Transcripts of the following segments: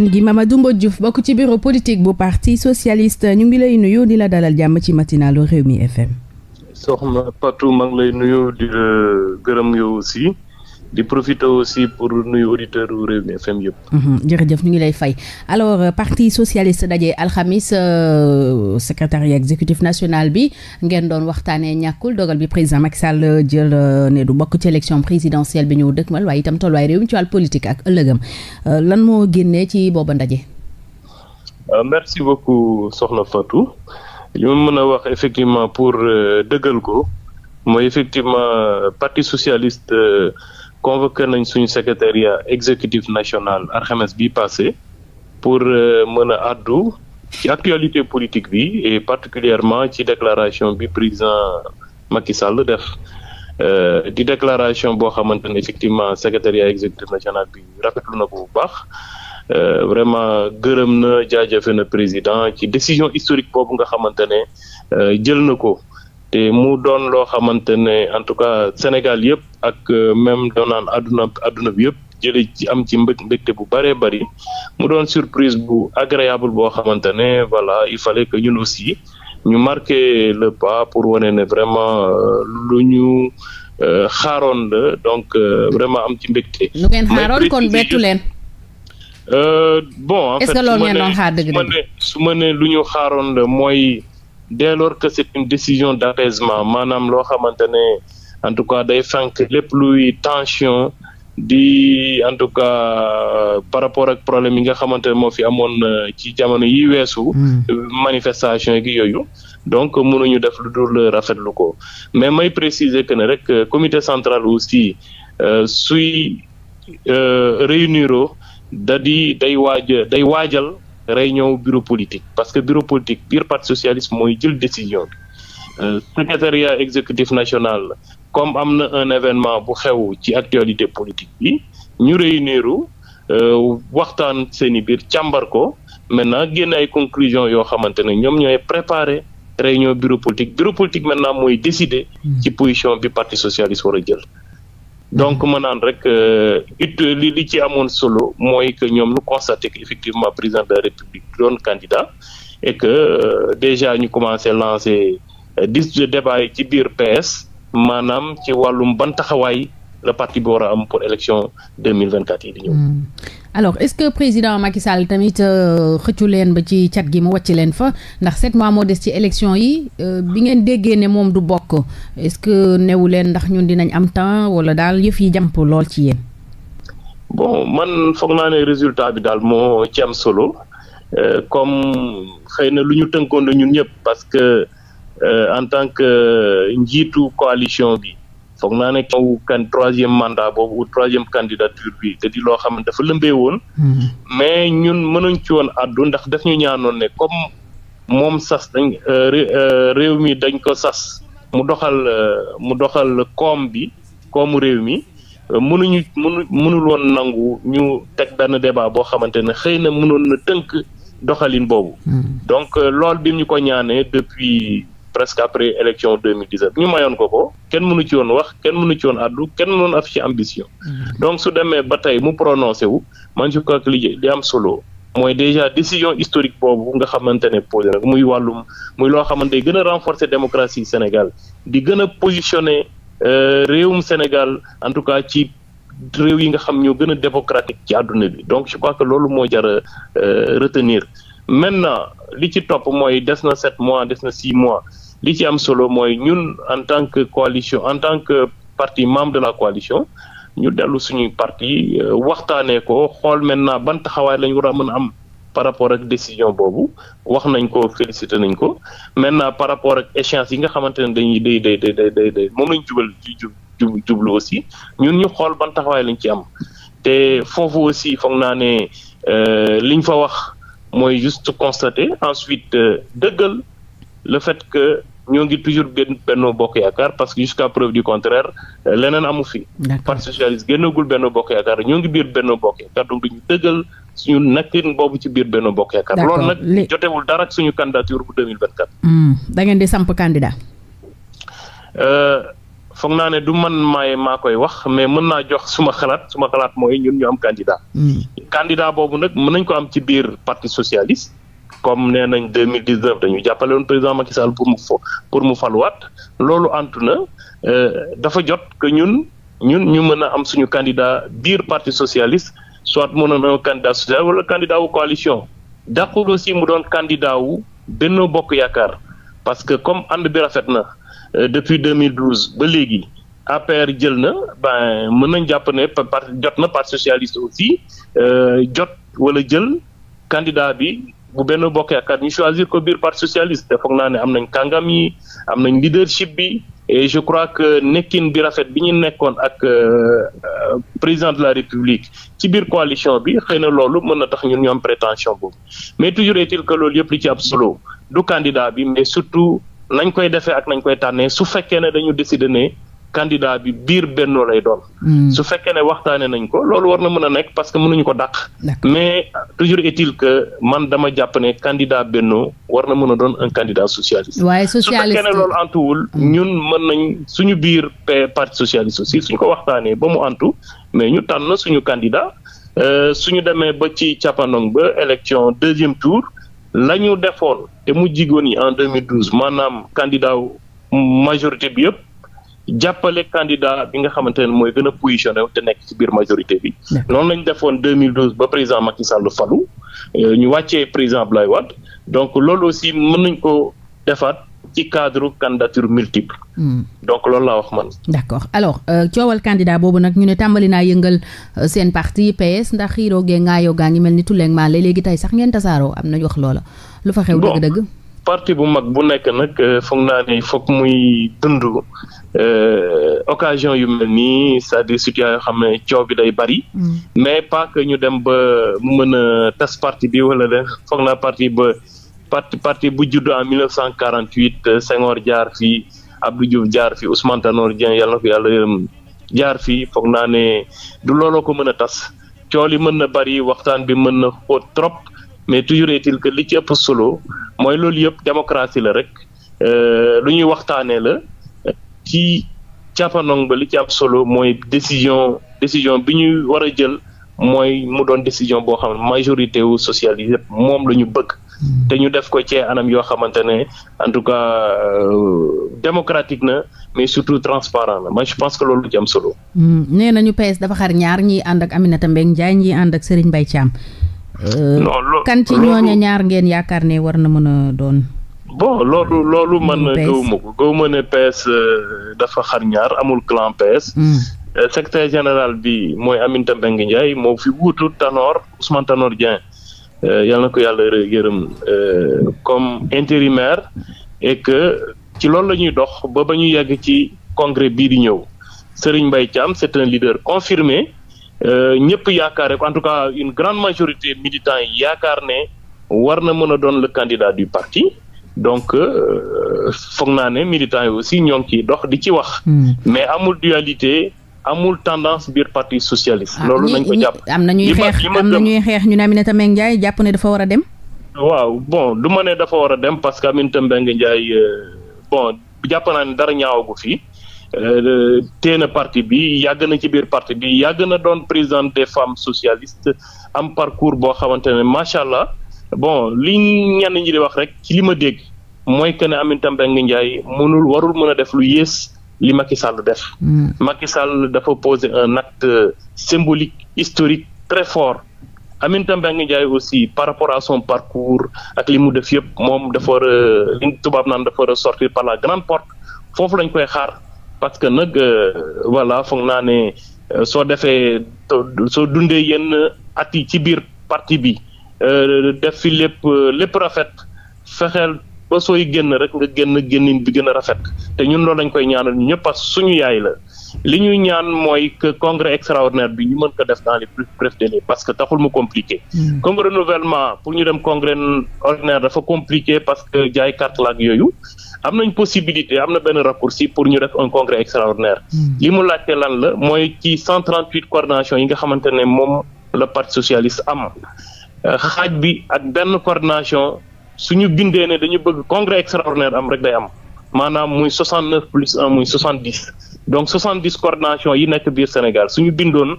gan ma ma Mbodj Diouf bokk ci bureau politique bu parti socialiste ñu ngi lay nuyu di la dalal jàmm ci matinalu mi FM. soxna Fatou maa ngi lay nuyu di gërëm yow aussi. di profiter aussi pour nuyu auditeurs yu Rewmi FM yëpp. Mhm, jërëjëf ñu ngi lay fay alors euh, parti socialiste daje alxamis euh, secrétariat exécutif national bi ngeen doon waxtaanee ñàkkul dogal bi président Macky Sall euh, jël ne du bokk ci élection présidentielle bi ñu dëkkmal waaye itam tolluwaay réew mi ci wàllu politique ak ëllëgam lan moo génnee ci booba ndaje. merci soxla soxna Fatou li ma mën a wax effectivement pour dëggal ko mooy effectivement parti socialiste. convoqué nañ suñu secrétariat exécutif national alxames bi passé pour euh, mën a àddu ci actualité politique bi et particulièrement ci déclaration bi président Macky Sall def euh, di déclaration boo xamante ne effectivement secrétariat exécutif national bi rafetlu na ko bu baax euh, vraiment gërëm na jaajëfe na président ci décision historique boobu nga xamante ne jël na ko te mu doon loo xamante ne en tout cas Sénégal yëpp ak euh, même doonaan adduna àdduna bi yëpp jëlee ci am ci mbég mbégte bu bëree bari mu doon surprise bu agréable boo xamante ne voilà il fallait que ñun aussi ñu marqué le pas pour wane ne vraiment euh, lu ñu euh, xaaroon la donc vraiment am ci mbégte. lu ngeen xaaroon kon bettu leen. bon en fait su ma nee su ma nee lu ñu xaaroon mooy. dès lors que c'est une décision d'apaisement maanaam loo xamante ne en tout cas day fànq lépp luy tension di en tout cas par rapport ak problème yi nga xamante ne moo fi amoon euh, ci jamono yi weesu mm. manifestation gi yooyu donc mënuñu def lu dul rafetlu ko mais may préciser que ne rek euh, comité central aussi euh, suy réuniro da di day waaj day waajal réunion bureau politique parce que bureau politique biir parti socialiste mooy jël décision bi euh, secrétariat exécutif national comme am na un événement bu xew ci actualité politique bi ñu réuniru euh, waxtaan seen i biir càmbar ko maintenant génn ay conclusion yoo xamante ne ñoom ñooy préparer réunion bureau politique bureau politique maintenant mooy décider hmm. ci position bi parti socialiste war a jël donc ma naan rek euh, it li li ci amoon solo mooy que ñoom ñu constaté que effectivement président de la république doon candidat et que euh, déjà ñu commencé lancer euh, disque de débat yi ci biir PS maanaam ci wàllum ban taxawaay. réparti bi war a am pour élection deux mille vingt quatre yi di ñëw. Hmm. alors est-ce que président Macky Sall tamit euh, xëccu leen ba ci cat gi mu wàcc leen fa ndax sept mois moo des ci élection yi euh, bi ngeen déggee ne moom du bokk est-ce que newu leen ndax ñun dinañ am temps wala daal yëf yi jàmp lool ci yéen. bon man foog naa ne résultat bi daal moo ci am solo euh, comme xëy na lu ñu tënkoon la ñun ñëpp parce que en tant que njiitu coalition bi. foog naa ne kaw kan troisième mandat boobu ou troisième candidature bi te di loo xam ne dafa lëmbee woon. Mhm. mais ñun mënuñ ci woon àddu ndax daf ñu ñaanoon ne comme moom sas dañ euh, euh, réew mi dañ ko sas mu doxal euh, mu doxal koom bi koomu réew mi. mënuñu mënu mënul woon nangu ñu teg benn débat boo xamante ne xëy na mënoon na tënk doxalin boobu. Mhm. donc loolu bi ñu ko ñaanee depuis presque après élection 2017 ñu mayoon ko ko kenn mënu ci woon wax kenn mënu ci woon addu kenn mënoon afficher ambition. Mm. donc su demee ba tey mu prononcé wu man je crois que li li am solo. mooy déjà décision historique boobu nga xamante ne posé nag muy wàllum muy loo xamante gën a renforcer démocratie Sénégal di gën a positionner euh, réewum Sénégal en tout cas ci réew yi nga xam ñoo gën a démocratique ci àdduna bi donc je crois que loolu moo jar a euh, retenir maintenant li ci topp mooy des na sept mois des na six mois. li ci am solo mooy ñun en tant que coalition en tant que parti membre de la coalition ñu dellu suñuy parti euh, waxtaanee ko xool maintenant ban taxawaay lañ war a mën a am par rapport ak décision boobu wax nañ ko félicité nañ ko maintenant par rapport ak échéance yi nga xamante ne dañuy day day day day moom lañ jubal ci jub jublu aussi ñun ñu xool ban taxawaay lañ ci am te foofu aussi foog naa ne euh, liñ fa wax mooy juste constater ensuite euh, dëggal le fait que ñoo ngi toujours benn Benno Bokk Yaakaar parce que jusqu'à preuve du contraire euh, leneen amu fi. parti socialiste génnagul benn Bokk Yaakaar ñoo ngi biir benn Bokk Yaakaar donc dañu dëggal suñu nakkin boobu ci biir Benno Bokk Yaakaar. loolu nag jotewul dara ak suñu candidature bu 2024. Hmm. da ngeen di samp candidat. Euh, foog naa ne du man maay maa koy wax mais mën naa jox suma xalaat suma xalaat mooy ñun ñu am candidat. Hmm. candidat boobu nag mën nañ ko am ci biir parti socialiste. comme nee nañ deux mille dix neuf dañu jàppale woon président Macky Sall pour mu fo pour mu faluwaat loolu antu na euh, dafa jot que ñun ñun ñu mën a am suñu candidat biir parti socialiste soit mu doon un candidat social wala candidat wu coalition. dàqul aussi mu doon candidat wu Benno Bokk Yaakaar parce que comme ànd bi rafet na euh, depuis 2012 ba léegi APR jël na ben mën nañ jàpp ne par jot na parti socialiste aussi euh, jot wala jël candidat bi. bu benn bokk yaakaar ñu choisir ko biir parti socialiste te naa ne am nañ kàngam yi am nañ leadership bi e je crois que nekkin bi rafet bi ñu nekkoon ak euh, euh, président de la république ci biir coalition bi xëy na loolu mën na tax ñun ñoom prétention boobu mais toujours est-il que loolu yëpp li ci am solo du candidat bi mais surtout nañ koy defee ak nañ koy tànnee su fekkee ne dañu décider ne candidat bi biir bennoo lay doon. Hmm. su fekkee ne waxtaanee nañ ko loolu war na mën a nekk parce que mënuñu ko dàq. mais toujours et il que man dama jàpp ne candidat bennoo war na mën a doon un candidat socialiste. waaye socialiste su fekkee ne loolu antuwul. Hmm. ñun mën nañ suñu biir parti socialiste aussi suñ ko waxtaanee ba mu antu mais ñu tànn suñu candidat euh, suñu demee ba ci capandong ba élection deuxième tour la ñu defoon te mu jigoon yi en 2012 maanaam candidat majorité bi yëpp. jàppale candidat bi nga xamante ne mooy gën a positionné te nekk ci biir majorité bi. noonu lañu defoon 2012 ba président Macky Sall falu euh, ñu wàccee président Abdoulaye Wade donc loolu aussi mën nañ ko defaat. ci cadre candidature multiple. Hmm. donc loolu laa wax man. d'accord alors euh, coowal euh, candidat boobu nag ñu ne tàmbali naa yëngal euh, seen parti PS ndax xiiroo gee ngaayoo gaa ngi mel ni tulleeg maa léegi tey sax ngeen tasaaroo am nañu wax loola. lu fa xew dëgg parti bu mag bu nekk nag euh, foog naa ne foog muy dund euh, occasion yu mel nii c'est-à-dire situation yoo xam ne coow bi day bari. Mm. mais pas ñu dem ba mu mën a tas parti bi wala de foog naa parti ba parti parti bu judd en 1948 euh, Senghor jaar fii Abdou Diouf jaar fii Ousmane Tanor Dieng yàlla na ko yàlla yërëm jaar fii foog naa ne du looloo ko mën a tas coow li mën na bari waxtaan bi mën na xóot trop. mais toujours est-il que li ci ëpp solo mooy loolu yëpp démocratie la rek euh, lu ñuy waxtaanee la ci càppanong ba li ci am solo mooy décision décision bi ñuy war a jël mooy mu doon décision boo xam ne majorité wu sociale yi yëpp moom la ñu bëgg. te ñu def ko ci anam yoo xamante ne en tout cas euh, démocratique na mais surtout transparent na ma je pense que loolu ci am solo. Mm, nee nañu PS dafa xar ñaar ñiy ànd ak Aminata Mbengue Ndiaye ñiy ànd ak Serigne Mbaye Thiam. Euh, non loolu kan ci ñooña ñaar ngeen yaakaar ne war na mën a doon. bon loolu loolu man gëwuma ko gëwuma ne PS euh, dafa xar amul clan PS. Mm. Euh, secrétaire général bi mooy am Aminata Mbengue Ndiaye moo fi wuutu Tanor Ousmane Tanor Dieng yàlla na ko yàlla yërëm comme intérimaire et que ci loolu la ñuy dox ba ba ñuy yegg ci congrès bii di ñëw Serigne Mbaye Thiam c'est un leader confirmé. Euh, ñëpp yaakaar rek en tout cas une grande majorité militant yi yaakaar ne war na mën a doon le candidat du parti donc euh, foog naa ne militant yi aussi ñoo ngi ciy dox di ci wax. Hmm. mais amul dualité. amul tendance biir parti socialiste. Ah, loolu nañ ko jàpp am na ñuy xeex am na ñuy xeex ñu ne Aminata Mbengue Ndiaye jàpp ne dafa war a dem. waaw bon du ma ne dafa war a dem parce que Aminata Mbengue Ndiaye euh, bon jàpp naa ne dara ñaawagu fii. Euh, téena partie bi yàgg na ci biir parti bi yàgg na doon présidente des femmes socialistes am parcours boo xamante ne macha allah bon li ñenn ñi di wax rek ci li ma dégg mooy que ne Aminata Mbengue Ndiaye mënul warul mën a def lu yées li Macky Sall def. Hmm. Macky Sall dafa poser un acte symbolique historique très fort. Aminata Mbengue Ndiaye aussi par rapport à son parcours ak li mu def yëpp moom dafa war a li tubaab naan dafa war a sortir par la grande porte foofu lañ koy xaar. parce que nag euh, voilà foog naa ne euh, soo defee soo dundee yenn at yi ci biir parti bi euh, def fi lépp lépp rafet fexeel ba sooy génn rek nga génn génnin bi gën a rafet te ñun lool lañ koy ñaanal ñëpp parce que suñu yaay la li ñuy ñaan mooy que congrès extraordinaire bi ñu mën ko def dans les plus brefs délais parce que taxul mu compliqué mm. comme renouvellement pour ñu dem congrès ordinaire dafa compliqué parce que jaay carte la yooyu am nañ possibilité am na benn raccourci pour ñu def un congrès extraordinaire. Hmm. li mu laajte lan la mooy ci 138 coordination yi nga xamante ne moom la parti socialiste am euh, xaaj bi ak benn coordination suñu bindee ne dañu bëgg congrès extraordinaire am rek day am maanaam muy 69 plus 1 muy 70 donc 70 coordination yi nekk biir Sénégal suñu bindoon.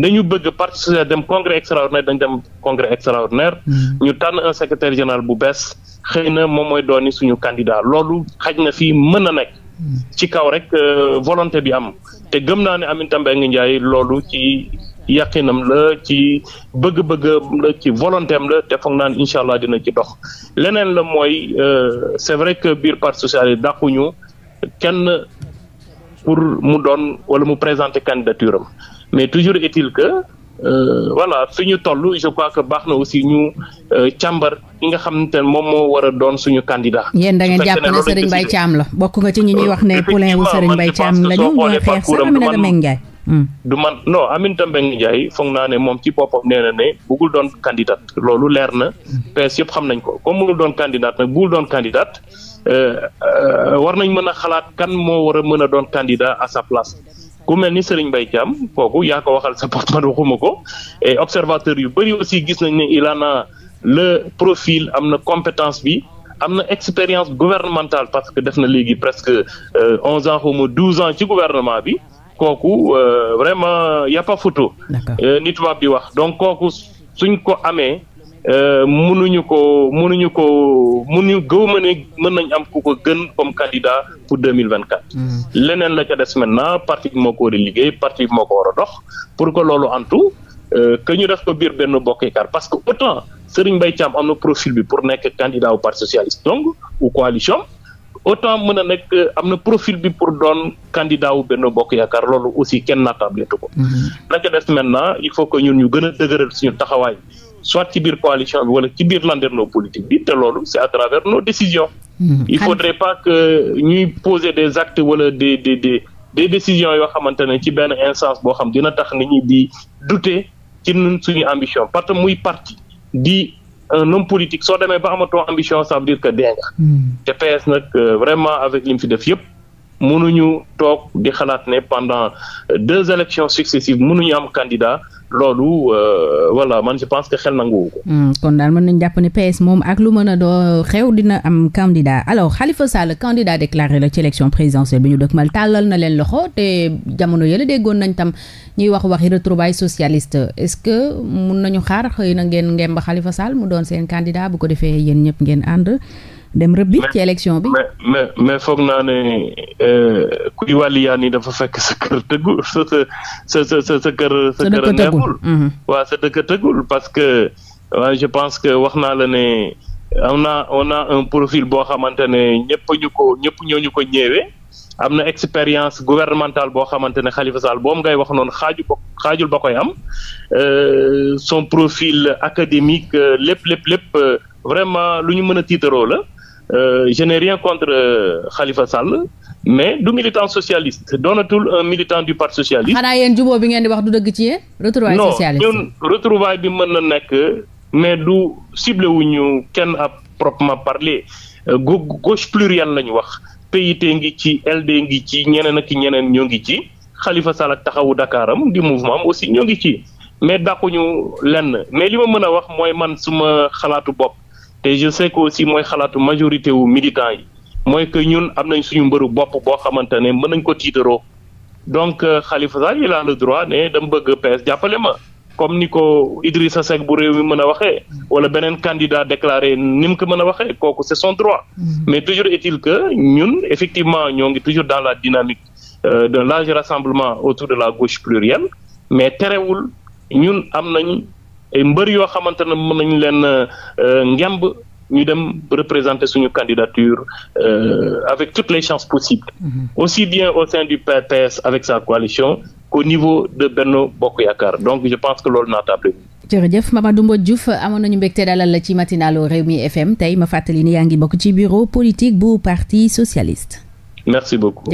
dañu bëgg parti socialiste dem congrès extraordinaire dañ dem congrès extraordinaire. Mm. ñu tànn un secrétaire général bu bees xëy na moom mooy dooni suñu candidat loolu xaj na fii mën na nekk. Mm. ci kaw rek euh, volonté bi am te gëm naa ne Aminata Mbengue Ndiaye loolu ci yàqinam la ci bëgg-bëggam la ci volonté am la te foog naan incha allah dina ci dox leneen la mooy euh, c'est vrai que biir parti socialiste dàquñu kenn pour mu doon wala mu présenter candidature am mais toujours est-il que euh, voilà fi ñu toll je crois que baax na aussi ñu euh, càmbar ki nga xam ne moom moo war a doon suñu candidat. yéen da ngeen jàpp ne Serigne la bokk nga ci ñi ñuy wax ne euh, poulain wu Serigne Mbaye Thiam lañu ñooy xeex sax hmm. Aminata Mbengue Ndiaye. du man foog naa ne moom ci boppam nee na ne bëggul doon candidat loolu leer na PS yëpp xam nañ ko comme mënul doon candidat nag bëggul doon candidat euh, war nañ mën a xalaat kan moo war a mën a doon candidat à sa place. ku mel ni Serigne Mbaye Thiam kooku yaa ko waxal sa bopp man waxuma ko et observateur yu bëri aussi gis nañ ne il en le profil am na compétence bi am na expérience gouvernementale parce que def na léegi presque euh, onze ans xaw ma douze ans ci gouvernement bi kooku euh, vraiment y a pas photo euh, ni tubaab di wax donc kooku suñ ko amee Euh, mënuñu ko mënuñu ko mënuñu gëwuma ne mën nañ am ku ko gën comme candidat pour deux mille vingt quatre. Mm. leneen la ca des maintenant parti bi moo ko war liggéey parti bi moo ko war a dox pour que loolu antu euh, que ñu def ko biir benn bokk yaakaar parce que autant Serigne Mbaye Thiam am na profil bi pour nekk candidat au parti socialiste donc ou coalition autant mën a nekk euh, am na profil bi pour doon candidat wu benn bokk yaakaar loolu aussi kenn naataablatu ko. Mm-hmm. la ca des maintenant il faut que ñun ñu gën a dëgëral suñu taxawaay. soit ci biir coalition bi wala ci biir landerneau politique bi te loolu c'est à travers nos décisions. Hmm. il faudrait pas que ñuy poser des actes wala des des des des décisions yoo xamante ne ci benn instance boo xam dina tax nit ñuy di douter ci ñun suñu ambition parce que muy parti di un homme politique soo demee ba amatoo ambition ça veut dire que dee nga. Hmm. te PS nag euh, vraiment avec li mu fi def yëpp. mënuñu toog di xalaat ne pendant deux élections successives mënuñu am candidat loolu euh, voilà man je pense que xel nanguwu ko. Hmm, kon daal mën nañu jàpp ne PS moom ak lu mën a doo xew dina am candidat alors Khalifa Sall candidat déclaré la ci élection présidentielle bi ñu dëkk mal tàllal na leen loxo te jamono yële déggoon nañ tam ñuy wax waxi retrouvailles socialiste est-ce que mun nañu xaar xëy na ngeen ngeen ba Khalifa Sall mu doon seen candidat bu ko defee yéen ñëpp ngeen ànd. dem bi ci élection bi. mais mais foog naa ne euh, kuy wàlli yaa ni dafa fekk sa kër tëggul sa sa tëggul parce que je pense que wax naa la ne on a un profil boo xamante ne ñëpp ñu ko ñëpp ñoo ñu ko ñëwee. am na expérience gouvernementale boo xamante ne Khalifa Sall boom ngay wax noonu xaaju ba xaajul ba koy am euh, son profil académique euh, lépp lépp lépp vraiment lu ñu mën a tiitaroo la Euh, je n'ai rien contre xalifa euh, Sall mais du militant socialiste doonatul un militant du parti socialiste. xanaa yéen jubóo bi ngeen di wax du dëgg ci yéen. retrouvaille socialiste non retrouvaille bi mën na nekk mais du ciblé wu ñu kenn à proprement parler euh, gauche plurielle la ñu wax PIT ngi ci LD ngi ci ñeneen ak ñeneen ñoo ngi ci xalifa Sall ak taxawu Dakaram di mouvement am aussi ñoo ngi ci mais dàquñu lenn mais li ma mën a wax mooy man suma xalaatu bopp. te je sais que aussi mooy xalaatu majorité wu militant yi mooy que ñun am nañ suñu mbëru bopp boo xamante ne mën nañ ko tiitaroo donc xalifa euh, Sall il a le droit ne dama bëgg PS jàppale ma comme ni ko Idrissa Seck bu réew mi mën a waxee wala beneen candidat déclaré ni mu ko mën a waxee kooku c'est son droit mm-hmm. mais toujours est-il que ñun effectivement ñoo ngi toujours dans la dynamique euh, d'un large rassemblement autour de la gauche plurielle mais terewul ñun am nañ ay mbër yoo xamante ne mën nañu leen euh, ngemb ñu dem représenter suñu candidature euh, avec toutes les chances possibles mm-hmm. aussi bien au sein du PPS avec sa coalition qu'au niveau de Benno Bokk Yaakaar donc je pense que loolu naatable ma Mamadou Mbodj Diouf amoon nañu mbégte dalal la ci matinalu Rewmi FM tey ma fàttali yaa ngi bokk ci bureau politique bu parti socialiste merci beaucoup